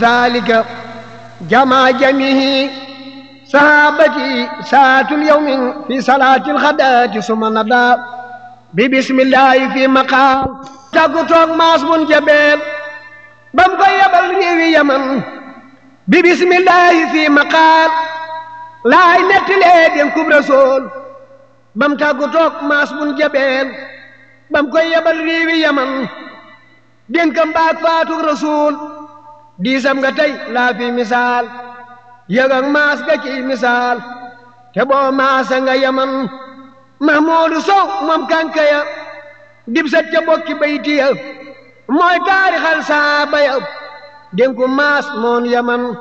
ذلك جمع جميع صحابتي ساعة اليوم في صلاة الغداة ثم ندا ببسم الله في مقام تاكو توك ماس بن جبل بام كو يبل نيوي يمن ببسم الله في مقال لاي نتلي دين كوب رسول بام تاكو توك ماس بن جبل بام كو يبل نيوي يمن دين كم باك فاتو رسول diisam nga tey laa misaal yëg maas ga ciy misaal te boo maasa nga yaman mahmuudu sow moom kànka ya dib sa ca bokki bayti ya mooy taarixal saaba ya dénku maas moon yaman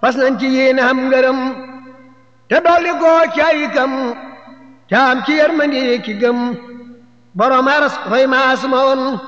fas ci yéene am ngërëm te dolli koo ci kam te am ci yërmande ki gëm borom aras roy maas moon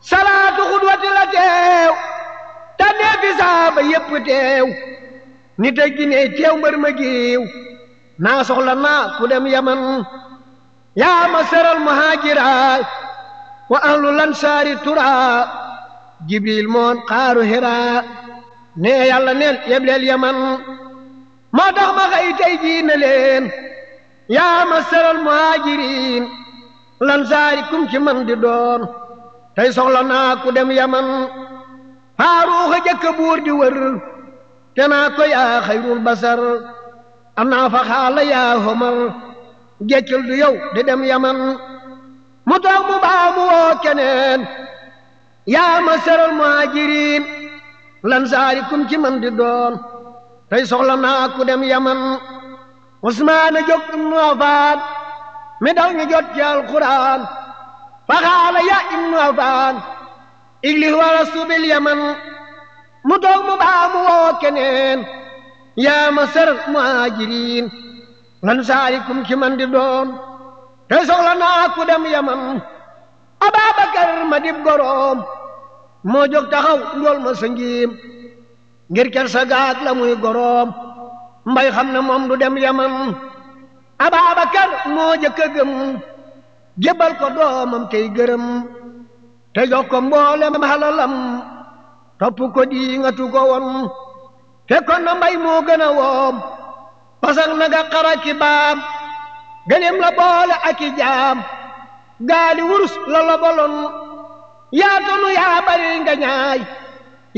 salaatu xudwati la teew tànnee fi saaba yépp teew nit a gine teew mbër ma giiw naa soxla ku dem yaman yaa ma seral muhaajira wa ahlu lansaari tura jibril moon xaaru hira ne yàlla neen yebleel yaman moo tax ma xëy tey jii yaa ma seral muhaajiriin lansaari kum ci man di doon tey soxla ku dem yaman faaruuxa jëkk buur di wër te naa ko yaa xayrul basar am naa fa xaala yaa homar jeccul du yow di dem yaman mu toog mu baa mu woo keneen yaa ma sëral lan saari ci man di doon tey soxla naa ku dem yaman usmaana jóg ibnu afaan mi daw ñu jot ci alquraan fa xaala yaa ibnu afaan iglih walastu bil yaman mu toog mu baa mu woo keneen yaa masar muhaajiriin lan saarikum ki man di doon te soxla naa ku dem yaman ababakar ma dib goroom moo jóg taxaw njool ma sangiim ngir ker sa la muy goroom mbay xam na moom du dem yaman ababakar moo jëkk a gëm jébbal ko doomam tey gërëm te jox ko mboolem halalam topp ko di nga tu ko won fekkoon na mbay moo gën a woom pasak naga xaraki baam gëneem la boole aki jaam gaali wurus la la bolon yaa tonu yaa bari nga ñaay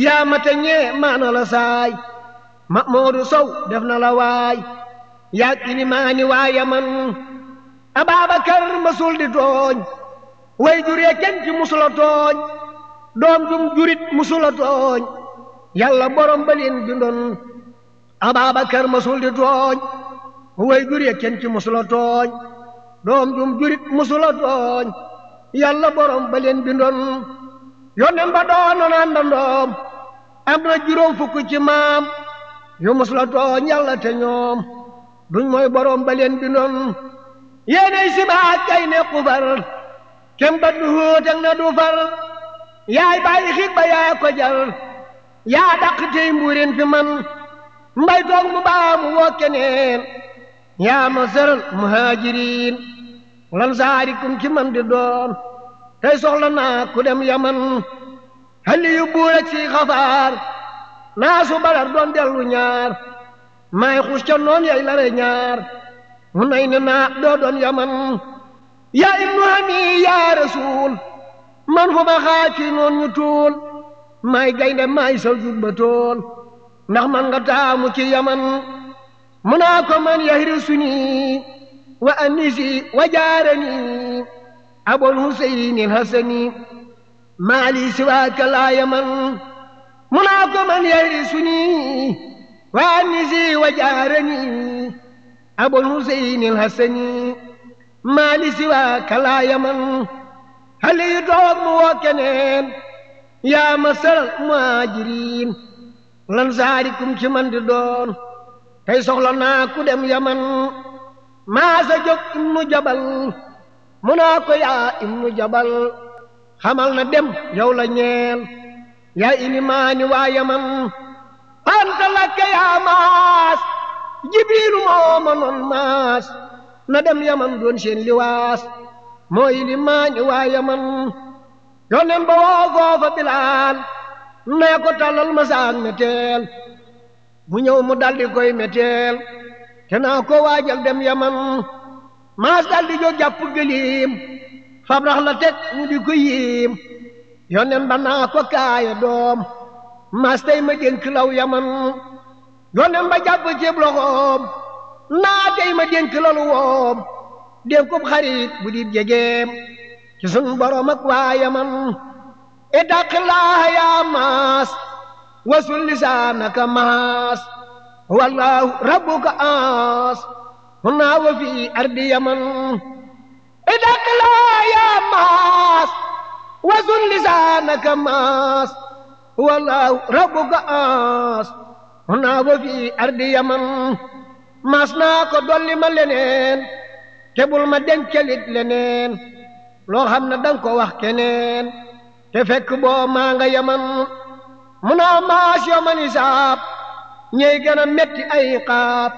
yaa mate ñee maana la saay ma moodu sow def na la waay yaa kilimaani waaya man Ababakar masul di tooñ way juree kenn ci musula tooñ doom jum jurit musula tooñ yàlla borom ba leen bindoon Ababakar masul di tooñ way juree kenn ci musula tooñ doom jum jurit musula tooñ yàlla borom ba leen bindoon yónneen ba doonoon àndandoom am na juróom fukk ci maam yu musula tooñ yàlla te duñ mooy borom ba bindoon yéenay si baat kay kubar kem ba du huuteeg na du far yaay bàyyi xiig yaa ko jar yaa dàq tey mbuurin fi man mbay toog mu baa woo keneen yaa ma sëral muhaajiriin lan saari ki man di doon tey soxla naa ku dem yaman halli yu buur xafaar naa su doon dellu ñaar maay xus ca noon yay lare ñaar mu nay ne naa doo doon yaman ya ibnu hami ya rasul man fu ma xaaci noon ñu tuul may gaynde may sal jubba tool ndax man nga taamu ci yaman mu naa ko man yahrisuni wa anisi wa jaarani abul husayni alhasani maali siwaaka laa yaman mu naa ko man yahrisuni wa anisi wa jaarani abul husayni alhasani maali si waa kalaa yaman xale yu woo keneen yaa ma sëral lan saari ci man di doon tey soxla naa ku dem yaman maasa jóg ibnu jabal mu yaa ibnu jabal xamal dem yow ñeel yaa ilimaani waa yaman anta yaa maas jibriilu moo ma maas na dem yaman doon seen liwaas mooy li maañu waa yaman yonen ba woo foofa bilaal nee ko tàllal ma meteel mu ñëw mu daldi koy meteel te naa ko waajal dem yaman maas daldi jóg jàpp gëliim fabrax la teg ñu di ko yiim yonen ba naa ko kaaya doom maas tey ma dénk law yaman yonen ba jàpp ceeb loxoom naa tey ma dénk loolu woom dénkub xarit bu dib jegeem ci sun borom ak waayaman ittaqillaaha yaa maas wasul lisaanaka maas wallaahu rabbuka aas hunaa wa fi ardi yaman ittaqillaaha yaa maas wasul lisaanaka maas wallaahu rabbuka aas hunaa wa fi ardi yaman mas naa ko dolli ma leneen te bul ma dencalit leneen loo xam ne danga ko wax keneen te fekk boo maa nga yaman munoo maas yoman isaab ñey gën a metti ay xaab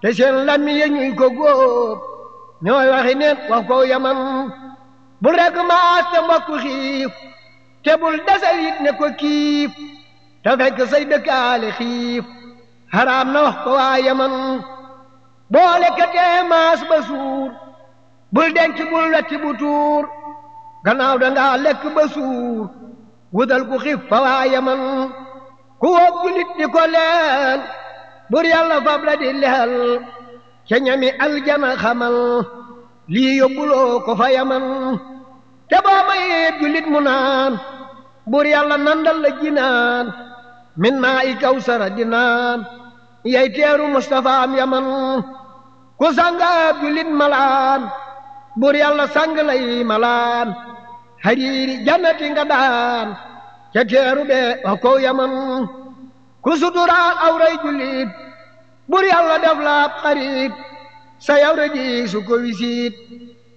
te seen lami ya ko góob ñooy waxi neen wax ko yaman bul rek maas te mbokk xiif te bul desal it ne ko kiif te fekk say dëkkaale xiif xaraam na wax ko waa yaman boole katee maas ba bul denc bul wetti bu tuur gannaaw dangaa lekk ba suur wutal ku xif fa waa yaman ku wóbbu nit di ko leel bur yàlla fab la di leel ca ñami aljana xamal lii yóbbuloo ko fa yaman te boo mayee jullit mu naan bur yàlla nandal la ji naan min maa i kawsara di naan yey teeru Mustafa yaman ku sanga julit malaan bur yàlla sang lay malaan hariiri jannati nga daan ca teeru be wa kow yaman ku suturaal awray julit bur yàlla def laab xarit sa yawra ji su wisiit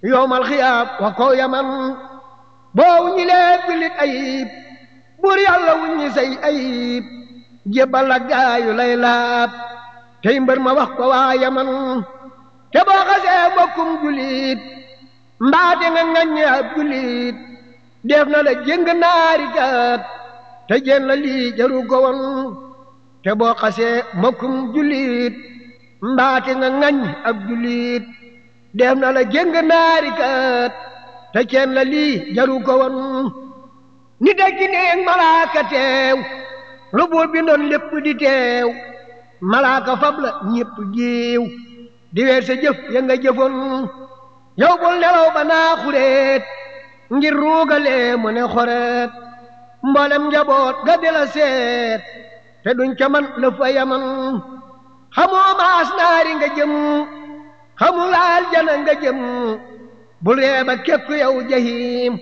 yowmal xiyaab wa kow yaman boo wuññilee julit ayib bur yàlla wuññi say ayib jébbal la gaayu lay tey mbër ma wax ko waa yaman te boo xasee bokkum julit mbaate nga ngaññe ab julit def na la jëng naari gaat te jën la lii jaru ko te boo xasee bokkum julit mbaate nga ngañ ab julit def na la jëng naari gaat te jën la lii jaru ko woon ni dekki neeg malaaka teew lu buur bi ndoon lépp di teew malaaka fab la ñépp géew di weer jëf ya nga jëfoon yow bul nelaw ba naa xureet ngir ruugalee mu ne xoreet mboolem njaboot ga di seet te duñ ca man la yaman xamoo maas naari nga jëm xamul aljana nga jëm bul reeba kekku yow jahim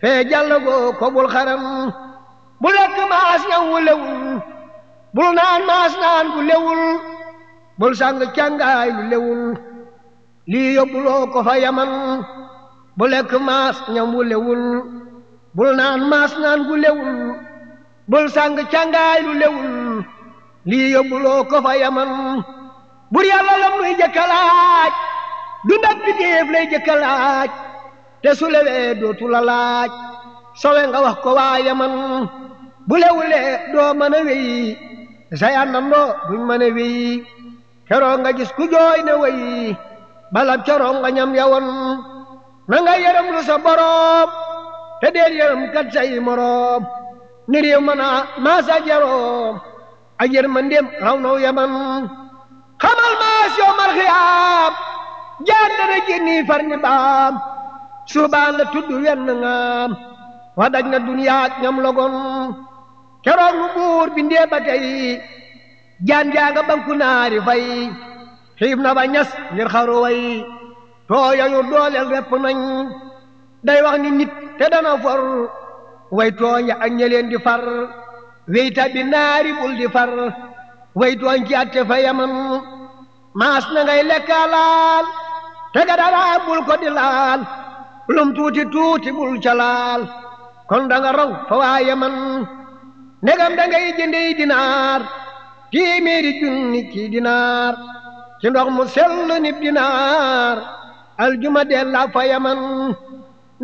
fee jàll goo ko bul xaram bu lekk maas ñam wu lewul bul naan maas naan gu lewul bul sang càngaay lu lewul lii yóbbuloo ko fa yaman bu lekk maas ñam wu lewul bul naan maas naan gu lewul bul sang càngaay lu lewul lii yóbbuloo ko fa yaman bur yàlla lam luy jëkka laaj du ndab bi déef lay jëkka laaj te su lewee dootu la laaj sowe nga wax ko waaye man bu lewulee doo mën a wéy say àndandoo duñ mën a wéy keroo nga gis ku jooy ne wéy balab keroo nga ñam yawoon na nga yërëm lu sa boroom te deel yërëm kat say moroom ni réew mën a maasa jaroom ak yërmandeem raw naw yaman xamal maas yow marxiyaam jaan dana génni far ni baam subaan la tudd wenn ngaam wa daj na duniyaak ñam logon keroog nu buur bi ndee ba tey jaan jaa banku naari fay xiif na ba ñas ngir xaru way tooya yu dooleel repp nañ day wax ni nit te dana for way tooñ ak ñeleen di far wey tabi naari bul di far way tooñ ci atte fa yaman maas ngay lekka laal te ga dara bul ko di laal lum tuuti tuuti bul ca laal kon da raw fa waaye man ndegam da ngay jëndey dinaar téeméeri junni ci dinaar ci ndox mu sell nib dinaar aljuma dellaa fa yaman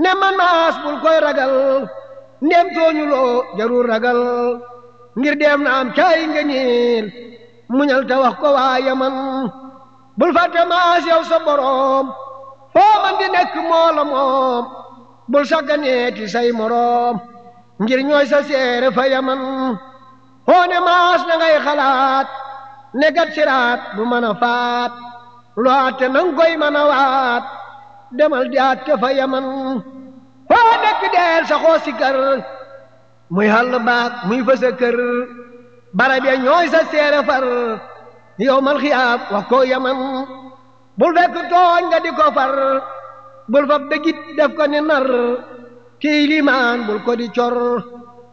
ne manaas bul koy ragal ndem tooñuloo jarul ragal ngir dem na am caay ñiil muñal te wax ko waa yaman bul fàtte maas yow sa boroom foo man di nekk moo la bul sàgganeeti say moroom ngir ñooy sa seere fa yaman hoone maas na ngay xalaat ne gat siraat bu mën a faat loote nang koy mën a waat demal jaat fa yaman foo dëkk deel sa xoo kër muy hàll baat muy fësa kër barab ya ñooy sa seere far yow mal xiyaab wax ko yaman bul fekk tooñ nga di ko far bul fa begit def ko ni nar kii limaan bul ko di cor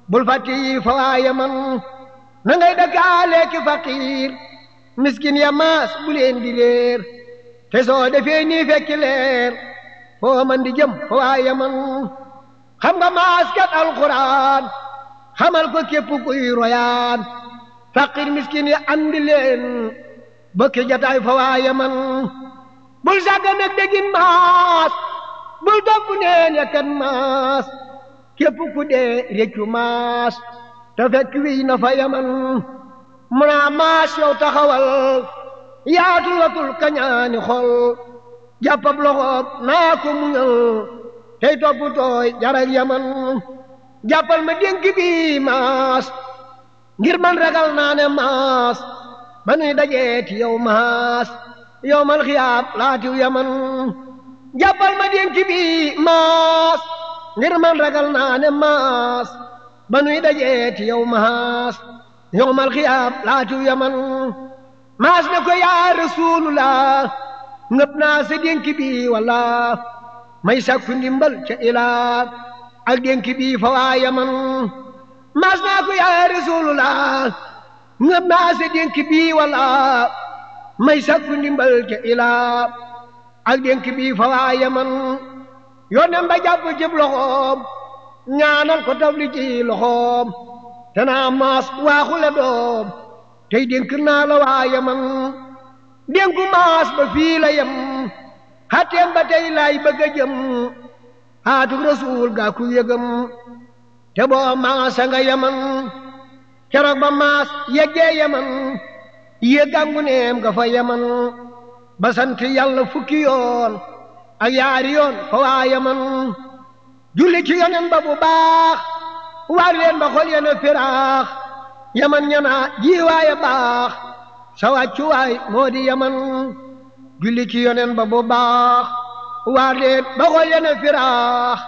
bul fa tii fa waaye man na ngay dëkkaale ki faqiir miskin ya maas bu leen leer te soo defee fekki leer foo man di jëm fa waaye man xam nga maas kat alquran xamal ko képp kuy royaan faqiir miskin ya andi leen bokki jataay fa waaye man bul sàggan ak dégin maas bul topp neen yakan maas képp ku dee réccu maas te fekk wiy na fa yaman munaa maas yow taxawal yaatu latul kañaani xol jàppab loxoob naa ko muñal tey topp tooy jarak yaman jàppal ma dénk bi maas ngir man ragal naa maas ba nuy dajee ci maas yowmal xiyaam laatiw yaman jàppal ma dénk bi maas ngir man ragal naa ne maas ba nuy dajeeti yow maas yowmal xiyaam laatiw yaman maas ne ko yaa rasuulullah ngëp naa sa dénk bi walla may sàkku ndimbal ca ilaa ak dénk bi fa waa yaman maas naa ko yaa rasuulullah ngëp naa sa dénk bi walla may sakku ndimbal ca ilaa ak dénk bii fa waaye man yónneem ba loxoom ñaanal ko taf li ci loxoom te naa maas waaxule doom tey dénk naa la waaye man dénku maas ba fii yem xatteem tey laay bëgg a jëm xaatuk rasuul gaa ku yëgam te boo maasa nga yeman keroog ba maas yeggee yeman yé gàngu neem ga fa yaman ba sant yàlla fukki yoon ak yaari yoon fa waa yaman julli yonen ba bu baax waar leen ba xol yene firaax yaman ñana jiiwaaya baax sa wàccuwaay moo di yaman julli yonen ba bu baax waar leen ba xol yene firaax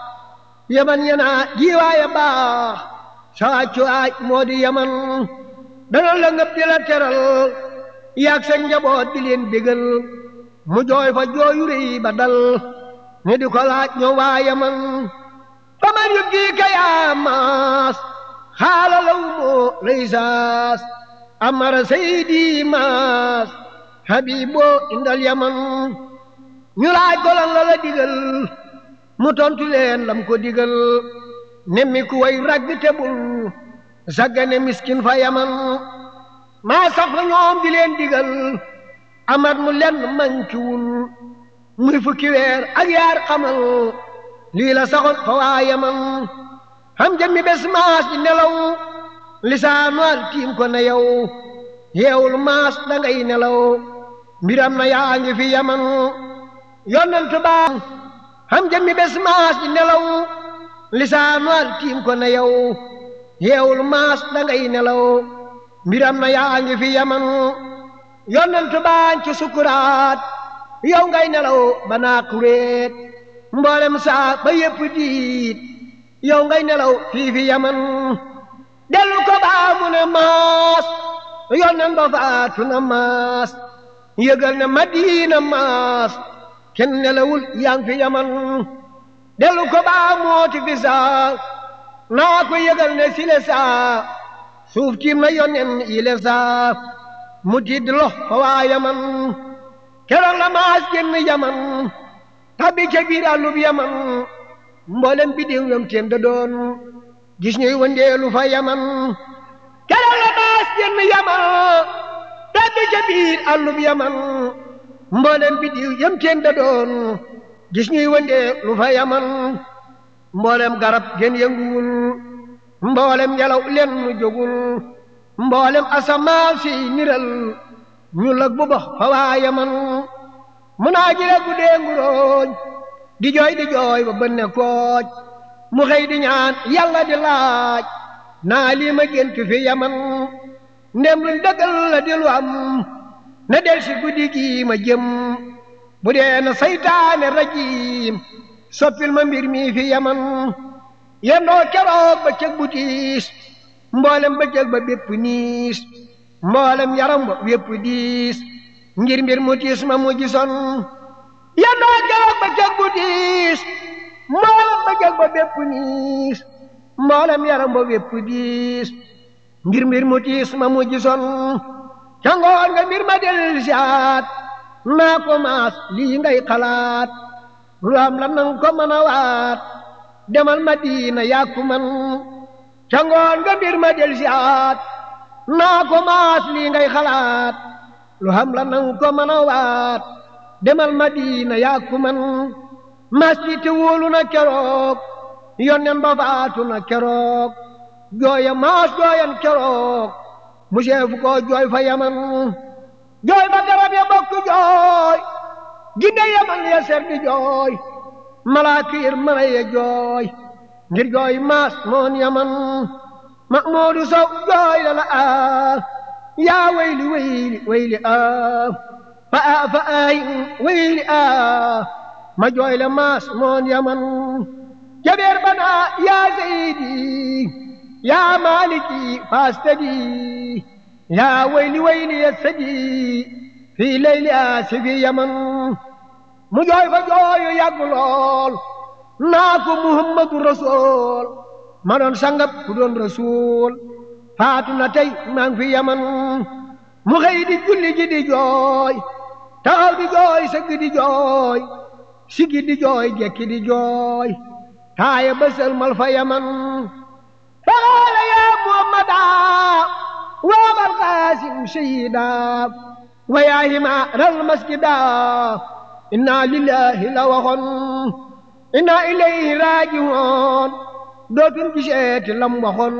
yaman ñana jiiwaaya baax sa wàccuwaay moo di yaman dana la ngëb di la teral yaag sa njaboot di mu jooy fa jooyu réy ba dal ñu di ko laaj ñu waaya man fa man yubdiika yaa maas xaala law moo laysaas amara saydi maas habiboo indal yaman ñu laaj ko la la digal mu tontu leen lam ko digal nemmi ku way ragg te saggane miskin fa yaman maa sax fa ñoom di leen digal amat mu lenn mankiwul muy fukki weer ak yaar xamal lii fa waa yaman xam jëmmi bés maas di nelaw lisaanual tiim ko na yow yeewul maas da ngay nelaw mbiram na yaa ngi fi yaman yonent ba xam jëmmi bés maas di nelaw lisaanual tiim ko na yow yeewul maas da ngay nelaw mbiram na yaa ngi fi yaman yonent baañ ci sukuraat yow ngay nelaw ba naa kuréet mboolem saa ba yépp diit yow ngay nelaw fii fi yaman dellu ko baa mu ne maas yonent ba faatu na maas yëgal na madiina maas kenn nelawul ngi fi yaman dellu ko baa mooti fi saa naa ko yëgal ne sile saa suuf ci ma yonen yile saa mu tidd lox fa waa yaman keroog la maas génn yaman tabbi ca biir yaman mboolem bi diw yom téem da doon gis ñuy wëndeelu fa yaman keroog la maas génn yaman tabbi ca biir yaman mboolem bi diw yom téem da doon gis ñuy wëndeelu fa yaman mboolem garab gën yënguwul mboolem ngelaw leen nu jógul mboolem asamaan si niral ñu lëg bu fa waaye man mun naa ji rek bu di jooy di jooy ba bënne kooj mu xëy di ñaan yàlla di laaj naa ma gént fi yaman ndem luñ dëggal la di lu na del si guddi gii ma jëm bu na saytaane rajiim soppil ma mbir mi fi yaman yendoo keroog ba cëg bu tiis mboolem ba cëg ba bépp niis mboolem yaram ba bépp diis ngir mbir mu ma mu gisoon yendoo keroog ba cëg bu mboolem ba cëg ba bépp niis mboolem yaram ba bépp diis ngir mbir mu tiis ma mu gisoon ca mbir ma del siaat naa ko lii ngay xalaat lu am la nang ko mën waat demal Madina yaa ku man ca ngoon nga si aat naa ko maas lii ngay xalaat lu xam la nang ko mën a waat demal Madina yaa ku man mas li te na keroog yonnen ba faatu na keroog jooya maas jooyan keroog mu seefu ko jooy fa yaman jooy ba garab ya bokk jooy ginde yaman ya ser jooy malaaka yër jooy ngir jooy maas moon yaman ma moon yaman jabeer banaa yaa zaydi yaa maaliki faastadi yaa wayli wayli ya sadi layli aa fi yaman mu jooy fa jooy yu yàgg naa ko muhammadu rasul ma doon sangab ku doon rasul na tey maa fi yaman mu xëy di julli ji di jooy taxaw di jooy sëgg di jooy sigi di di jooy taaya bësal mal fa yaman faraala yaa muhammada waabal qaasim sayida wa yaahima ral masjida inna lillahi la waxoon inna ilayhi raajiwoon dootuñ giseeti lam waxoon